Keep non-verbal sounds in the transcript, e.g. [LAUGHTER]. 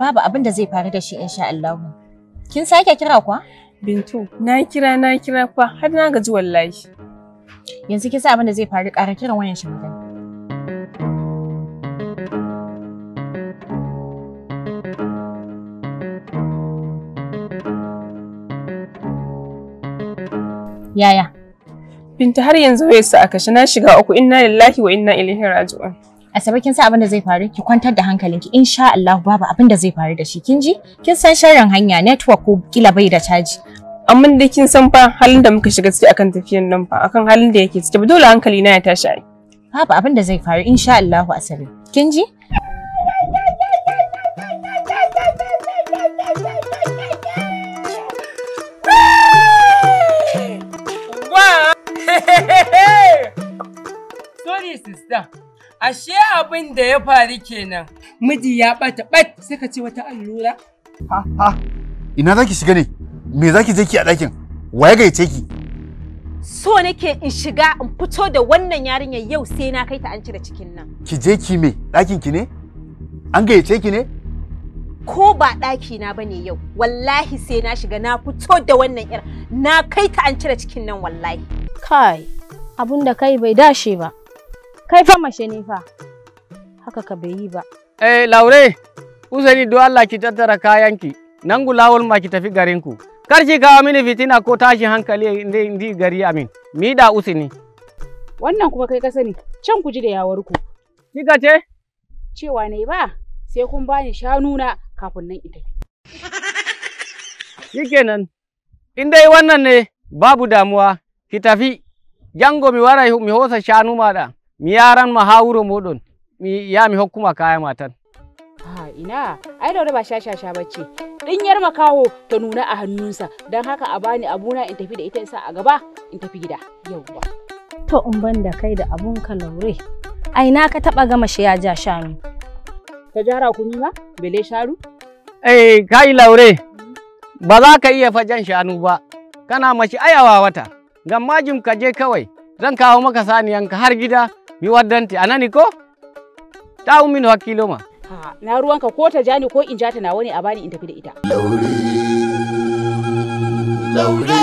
babu abin da zai faru da shi insha Allah. Kin sake kira kwa? Bintu, na kira na kira kwa har na gaji wallahi. Yanzu kin san abin da zai faru ƙara kiran wayan shi magana. Yaya? Binta har yanzu wayarsa a kashe na shiga uku inna lillahi wa inna ilaihi raji'un. Asabe kin san abin da zai faru ki kwantar da hankalinki insha Allah babu abin da zai faru da shi kin ji kin san sharrin hanya network ko kila bai da caji amma da kin san fa halin da muka shiga ciki akan tafiyan nan fa akan halin da yake ciki ba dole hankali na ya tashi ai babu abin da zai faru insha Allah Asabe kin ji [LAUGHS] Sorry sister Ashe abin da ya faru kenan. Miji ya ɓata bat sai ka ce wata allura. Ha ha. Ina zaki shiga ne? Me zaki je ki a ɗakin? Waye gaice ki? So nake in shiga in fito da wannan yarinyar yau sai na kai ta an cire cikin nan. Ki je ki me? Ɗakin ki ne? An gayyace ki ne? Ko ba ɗaki na bane yau, wallahi sai na shiga na fito da wannan yar na kai ta an cire cikin nan wallahi. Kai, abun da kai bai dashe ba. Kai fa mashe ne fa. Haka ka bai yi ba. Eh Laure, uzani do Allah ki tattara ki, Nan gulawul ma ki tafi ku. Kar ki kawo mini fitina ko tashin hankali indi gari amin. Mi da usini Wannan kuma kai ka sani, can ku ji da yawar yawarku. Kika ce? Cewa ne ba, sai kun bani shanuna kafin nan ita. Shikenan, in dai wannan ne babu damuwa, ki tafi, jango mi wara mi hosa shanu ma mi yaran ma ha wuro moɗon mi ya mi hokkuma kaya matan ha ina ai da ba shashasha bacci dinyar makaho ta nuna a hannunsa don haka a bani abuna in tafi da ita isa a gaba in tafi gida yauwa to in ban da kai da abun ka laure ai na ka taba gama shi ya ja shanu ka jara ni ma bele sharu eh kai laure ba za ka iya fajan shanu ba kana mashi ayawa wata gamma jim ka je kawai zan kawo maka saniyanka har gida mi waddanti anani ko ta min hakkilo ma na ruwanka ko ta jani ko in jata nawa ne a bani in tafi da ita laure laure